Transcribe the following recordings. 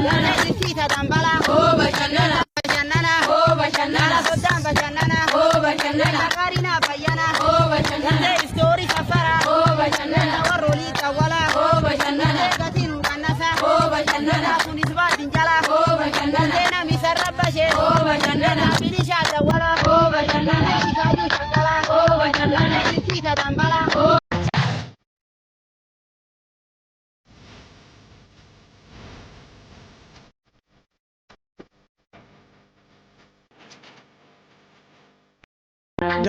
Bashannana. Finish out the water.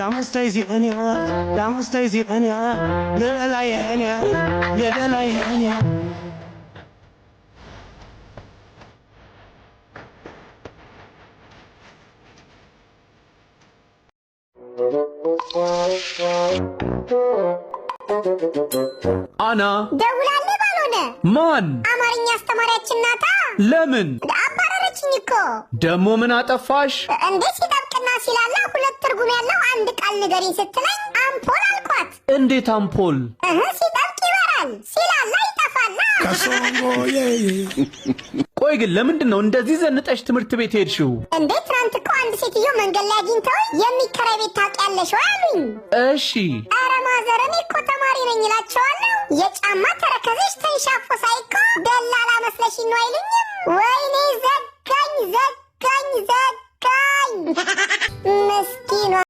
Dama the anywhere. Dama Stacy anywhere. Little Lay anywhere. Little Lay anywhere. አና ደውላልህ ባልሆነ ማን አማርኛ አስተማሪያችን ናታ። ለምን አባረረችኝ እኮ። ደግሞ ምን አጠፋሽ? እንዴት ሲላለው ሁለት ትርጉም ያለው አንድ ቃል ንገሪኝ ስትለኝ አምፖል አልኳት። እንዴት አምፖል? እህ ሲጠልቅ ይበራል ሲላላ ይጠፋላ። ቆይ ግን ለምንድን ነው እንደዚህ ዘንጠሽ ትምህርት ቤት ሄድሽው? እንዴት ትናንት እኮ አንድ ሴትዮ መንገድ ላይ አግኝተው የሚከራይ ቤት ታውቂያለሽ ወይ አሉኝ። እሺ ኧረ ማዘር እኔ እኮ ተማሪ ነኝ እላቸዋለሁ። የጫማ ተረከዝሽ ተንሻፎ ሳይኮ ደላላ መስለሽ ነው አይሉኝም። ወይኔ ዘጋኝ ዘጋኝ ዘጋኝ Mezquino.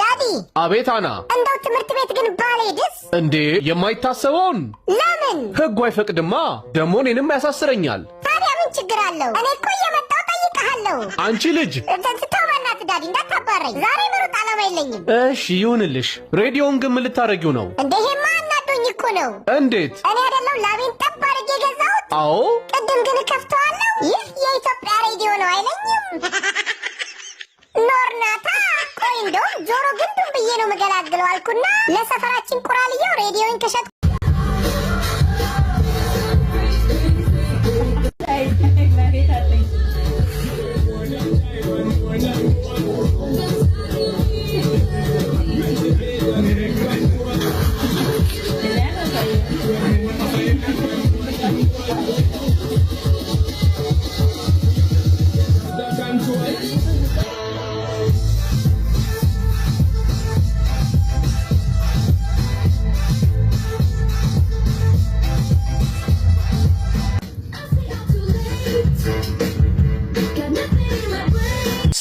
ዳዲ አቤት አና እንደው ትምህርት ቤት ግን ባልሄድስ እንዴ የማይታሰበውን ለምን ህጉ አይፈቅድማ ደሞ እኔንም ያሳስረኛል ታዲያ ምን ችግር አለው እኔ እኮ እየመጣሁ ጠይቀሃለሁ አንቺ ልጅ ተውበናት ዳዲ እንዳታባረኝ ዛሬ ምሩጥ አላማ የለኝም እሺ ይሁንልሽ ሬዲዮን ግን ምን ልታረጊው ነው እንዴ አውጥተውኝ እኮ ነው። እንዴት? እኔ አይደለሁ ላቤን ጠብ አድርጌ የገዛሁት? አዎ። ቅድም ግን ከፍተዋለሁ። ይህ የኢትዮጵያ ሬዲዮ ነው አይለኝም። ኖርናታ ቆይ፣ እንደውም ጆሮ ግንዱን ብዬ ነው የምገላግለው አልኩና ለሰፈራችን ቁራልየው ሬዲዮን ከሸጥኩ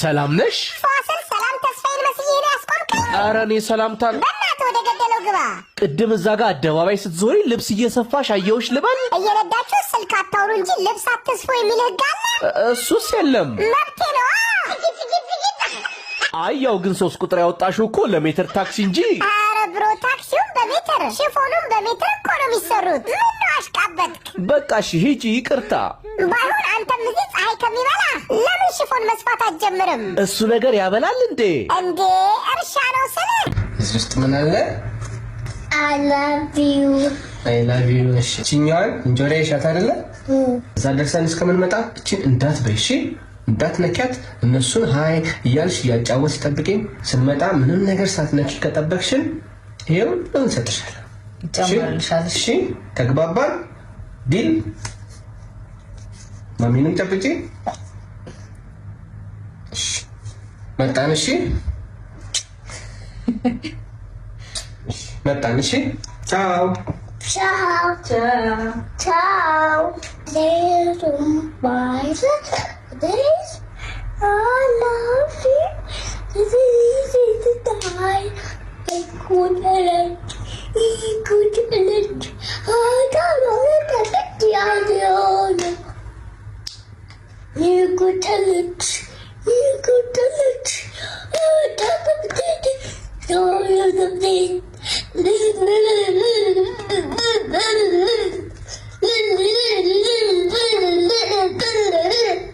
ሰላም ነሽ? ፋሲል ሰላም ተስፋዬን መስዬ ነው ያስቆምከኝ? ኧረ እኔ ሰላምታ በእናትህ ወደ ገደለው ግባ። ቅድም እዛ ጋር አደባባይ ስትዞሪ ልብስ እየሰፋሽ አየሁሽ ልበል? እየነዳችሁ ስልክ አታውሩ እንጂ ልብስ አትስፎ የሚል ህግ አለ? እሱስ የለም መብቴ ነው። አይ ያው ግን ሶስት ቁጥር ያወጣሽው እኮ ለሜትር ታክሲ እንጂ። ኧረ ብሮ ታክሲውም በሜትር ሽፎኑም በሜትር እኮ ነው የሚሰሩት። አሽቃበጥክ። በቃ እሺ ሂጂ፣ ይቅርታ። ባይሆን አንተም እዚህ ፀሐይ ከሚበላ ለምን ሽፎን መስፋት አትጀምርም? እሱ ነገር ያበላል እንዴ? እንዴ እርሻ ነው ስልህ እዚህ ውስጥ ምን አለ? አላቪዩ አይላቪዩ። እሺ እችኛዋን እንጆሪ ይሻት አይደለ? እዛ ደርሰን እስከምንመጣ እችን እንዳት በይሺ እንዳትነኪያት እነሱን ሀይ እያልሽ እያጫወት ጠብቄ ስንመጣ ምንም ነገር ሳትነኪ ከጠበቅሽን ይኸው እንሰጥሻለን። ይጨምርልሻል። እሺ ተግባባን? ዲል ማሚንም ጨብጬ መጣን። እሺ መጣን። እሺ ቻው ቻው ቻው ቻው Good Hadamadiyadiyana. You could tell it. You could tell it. I would talk about it. So you the thing. Little, little, little,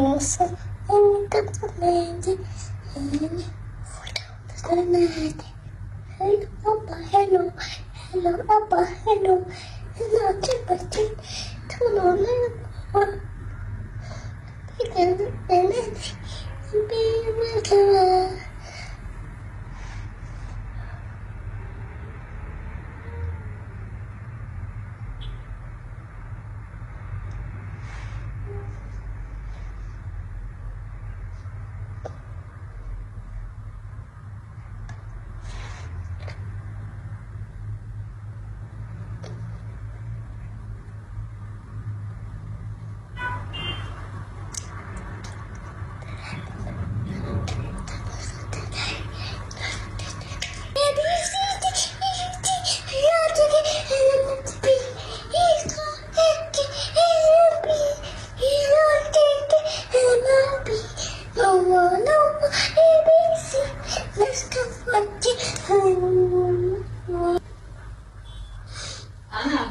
我是你的小妹妹，嗯，我的小妹妹，Hello，爸爸，Hello，Hello，爸爸，Hello，你老欺负人，偷了我的花，那个人真难听，你别问了。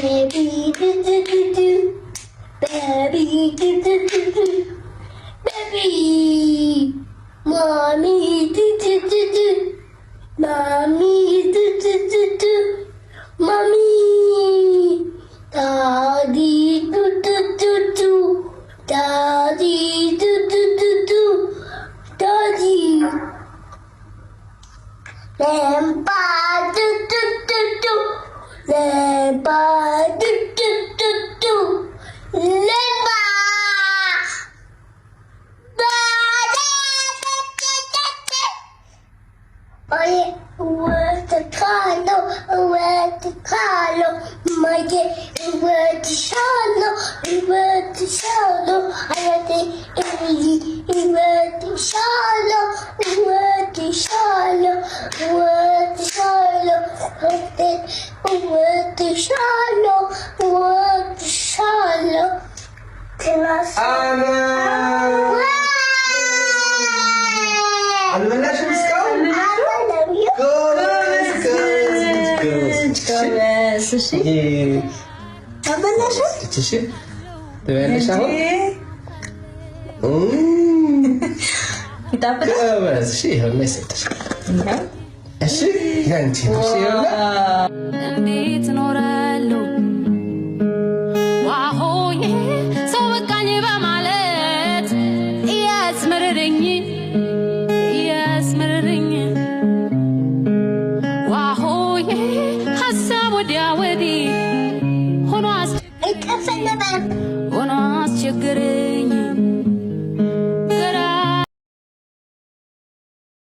do do do do do do. Oye, huerta cano, huerta cano, maye, huerta sano, huerta sano, ayate, eli, huerta sano, huerta sano, huerta sano, huerta sano, ሰው በቃኝ በማለት እያስመረረኝ